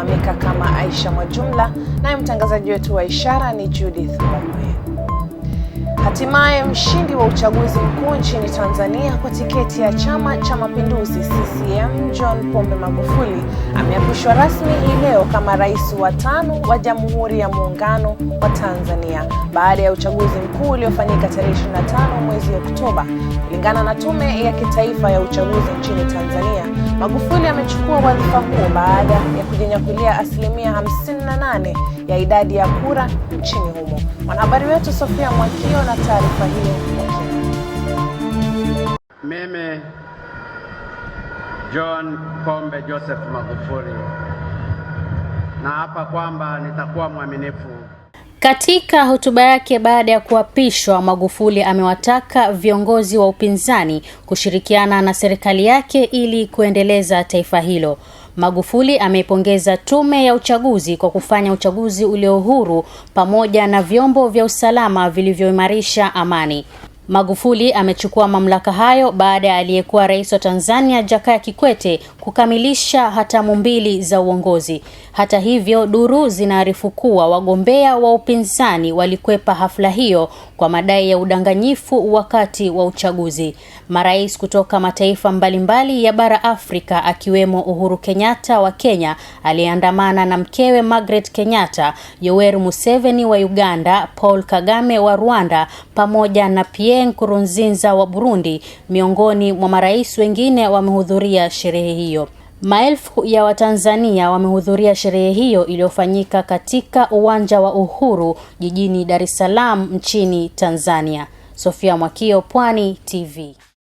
anafahamika kama Aisha Mwajumla, naye mtangazaji wetu wa ishara ni Judith Mokwe. Hatimaye mshindi wa uchaguzi mkuu nchini Tanzania kwa tiketi ya Chama cha Mapinduzi CCM John Pombe Magufuli ame kuapishwa rasmi hii leo kama rais wa tano wa Jamhuri ya Muungano wa Tanzania baada ya uchaguzi mkuu uliofanyika tarehe 25 mwezi Oktoba. Kulingana na Tume ya Kitaifa ya Uchaguzi nchini Tanzania, Magufuli amechukua wadhifa huo baada ya kujinyakulia asilimia 58 ya idadi ya kura nchini humo. Mwanahabari wetu Sofia Mwakio na taarifa hiyo. Mimi John Pombe Joseph Magufuli hapa kwamba nitakuwa mwaminifu. Katika hotuba yake baada ya kuapishwa, Magufuli amewataka viongozi wa upinzani kushirikiana na serikali yake ili kuendeleza taifa hilo. Magufuli ameipongeza tume ya uchaguzi kwa kufanya uchaguzi ulio huru pamoja na vyombo vya usalama vilivyoimarisha amani. Magufuli amechukua mamlaka hayo baada ya aliyekuwa rais wa Tanzania Jakaya Kikwete kukamilisha hatamu mbili za uongozi. Hata hivyo, duru zinaarifu kuwa wagombea wa upinzani walikwepa hafla hiyo kwa madai ya udanganyifu wakati wa uchaguzi. Marais kutoka mataifa mbalimbali ya bara Afrika akiwemo Uhuru Kenyatta wa Kenya aliyeandamana na mkewe Margaret Kenyatta, Yoweri Museveni wa Uganda, Paul Kagame wa Rwanda pamoja na Pierre Pierre Nkurunziza wa Burundi miongoni mwa marais wengine wamehudhuria sherehe hiyo. Maelfu ya Watanzania wamehudhuria sherehe hiyo iliyofanyika katika uwanja wa Uhuru jijini Dar es Salaam nchini Tanzania. Sofia Mwakio, Pwani TV.